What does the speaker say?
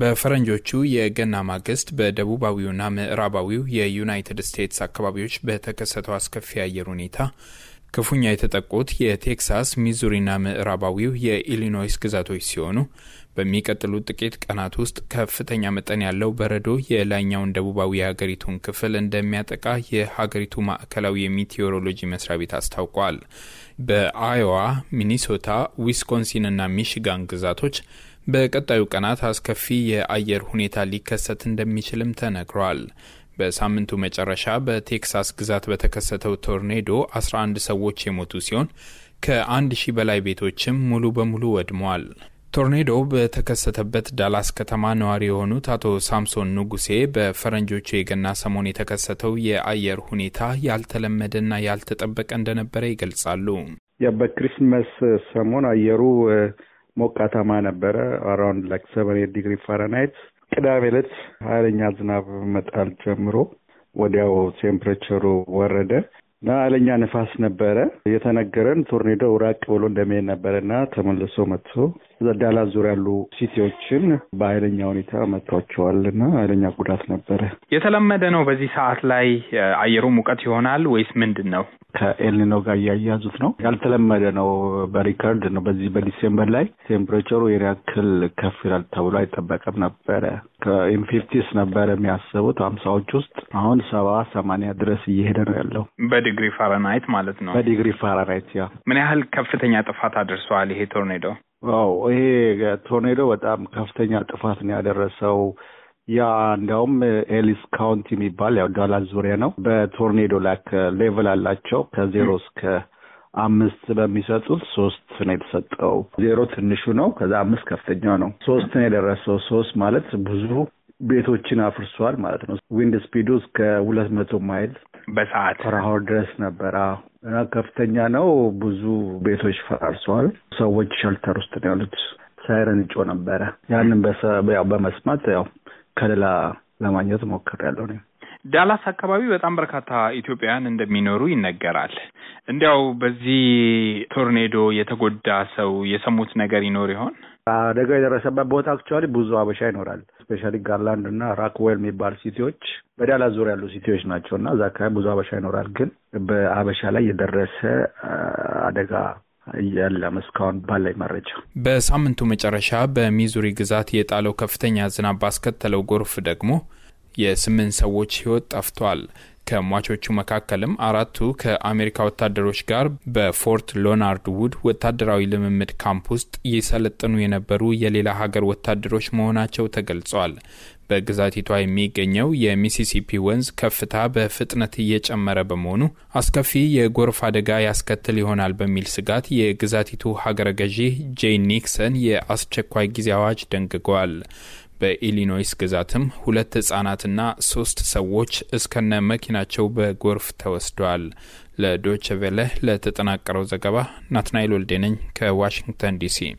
በፈረንጆቹ የገና ማግስት በደቡባዊውና ምዕራባዊው የዩናይትድ ስቴትስ አካባቢዎች በተከሰተው አስከፊ አየር ሁኔታ ክፉኛ የተጠቁት የቴክሳስ፣ ሚዙሪና ምዕራባዊው የኢሊኖይስ ግዛቶች ሲሆኑ በሚቀጥሉት ጥቂት ቀናት ውስጥ ከፍተኛ መጠን ያለው በረዶ የላይኛውን ደቡባዊ የሀገሪቱን ክፍል እንደሚያጠቃ የሀገሪቱ ማዕከላዊ የሚቴዎሮሎጂ መስሪያ ቤት አስታውቋል። በአዮዋ፣ ሚኒሶታ፣ ዊስኮንሲንና ሚሽጋን ግዛቶች በቀጣዩ ቀናት አስከፊ የአየር ሁኔታ ሊከሰት እንደሚችልም ተነግሯል። በሳምንቱ መጨረሻ በቴክሳስ ግዛት በተከሰተው ቶርኔዶ 11 ሰዎች የሞቱ ሲሆን ከአንድ ሺህ በላይ ቤቶችም ሙሉ በሙሉ ወድመዋል። ቶርኔዶ በተከሰተበት ዳላስ ከተማ ነዋሪ የሆኑት አቶ ሳምሶን ንጉሴ በፈረንጆቹ የገና ሰሞን የተከሰተው የአየር ሁኔታ ያልተለመደና ያልተጠበቀ እንደነበረ ይገልጻሉ። ያ በክሪስመስ ሰሞን አየሩ ሞቃታማ ነበረ። አራውንድ ላይክ ሰቨን ኤት ዲግሪ ፋረናይት። ቅዳሜ ዕለት ኃይለኛ ዝናብ መጣል ጀምሮ ወዲያው ቴምፕሬቸሩ ወረደ እና ኃይለኛ ንፋስ ነበረ። የተነገረን ቶርኔዶ ራቅ ብሎ እንደሚሄድ ነበረና ተመልሶ መጥቶ ዳላስ ዙሪያ ያሉ ሲቲዎችን በኃይለኛ ሁኔታ መጥቷቸዋል እና ኃይለኛ ጉዳት ነበረ። የተለመደ ነው። በዚህ ሰዓት ላይ አየሩ ሙቀት ይሆናል ወይስ ምንድን ነው? ከኤልኒኖ ጋር እያያዙት ነው። ያልተለመደ ነው። በሪከርድ ነው። በዚህ በዲሴምበር ላይ ቴምፕሬቸሩ ያክል ከፍ ይላል ተብሎ አይጠበቀም ነበረ። ከኢንፊፍቲስ ነበረ የሚያስቡት ሀምሳዎች ውስጥ አሁን ሰባ ሰማንያ ድረስ እየሄደ ነው ያለው በዲግሪ ፋረናይት ማለት ነው። በዲግሪ ፋረናይት ያ ምን ያህል ከፍተኛ ጥፋት አድርሰዋል ይሄ ቶርኔዶ? አዎ ይሄ ቶርኔዶ በጣም ከፍተኛ ጥፋት ነው ያደረሰው። ያ እንዲያውም ኤሊስ ካውንቲ የሚባል ያው ዳላስ ዙሪያ ነው። በቶርኔዶ ላክ ሌቭል አላቸው ከዜሮ እስከ አምስት በሚሰጡት ሶስት ነው የተሰጠው። ዜሮ ትንሹ ነው፣ ከዛ አምስት ከፍተኛ ነው። ሶስት ነው የደረሰው። ሶስት ማለት ብዙ ቤቶችን አፍርሷል ማለት ነው። ዊንድ ስፒዱ እስከ ሁለት መቶ ማይል በሰዓት ፐር አወር ድረስ ነበረ። ከፍተኛ ነው። ብዙ ቤቶች ፈራርሰዋል። ሰዎች ሸልተር ውስጥ ነው ያሉት። ሳይረን ጮህ ነበረ። ያንን በመስማት ያው ከሌላ ለማግኘት ነው። ዳላስ አካባቢ በጣም በርካታ ኢትዮጵያውያን እንደሚኖሩ ይነገራል። እንዲያው በዚህ ቶርኔዶ የተጎዳ ሰው የሰሙት ነገር ይኖር ይሆን? አደጋ የደረሰበት ቦታ አክቹዋሊ ብዙ ሀበሻ ይኖራል። ስፔሻሊ ጋርላንድ እና ራክዌል የሚባል ሲቲዎች በዳላስ ዙሪያ ያሉ ሲቲዎች ናቸው እና እዛ አካባቢ ብዙ አበሻ ይኖራል። ግን በአበሻ ላይ የደረሰ አደጋ የለም እስካሁን ባለኝ መረጃ። በሳምንቱ መጨረሻ በሚዙሪ ግዛት የጣለው ከፍተኛ ዝናብ ባስከተለው ጎርፍ ደግሞ የስምንት ሰዎች ህይወት ጠፍቷል። ከሟቾቹ መካከልም አራቱ ከአሜሪካ ወታደሮች ጋር በፎርት ሎናርድ ውድ ወታደራዊ ልምምድ ካምፕ ውስጥ እየሰለጠኑ የነበሩ የሌላ ሀገር ወታደሮች መሆናቸው ተገልጿል። በግዛቲቷ የሚገኘው የሚሲሲፒ ወንዝ ከፍታ በፍጥነት እየጨመረ በመሆኑ አስከፊ የጎርፍ አደጋ ያስከትል ይሆናል በሚል ስጋት የግዛቲቱ ሀገረ ገዢ ጄን ኒክሰን የአስቸኳይ ጊዜ አዋጅ ደንግገዋል። በኢሊኖይስ ግዛትም ሁለት ህጻናትና ሶስት ሰዎች እስከነ መኪናቸው በጎርፍ ተወስደዋል። ለዶችቬለ ለተጠናቀረው ዘገባ ናትናይል ነኝ ከዋሽንግተን ዲሲ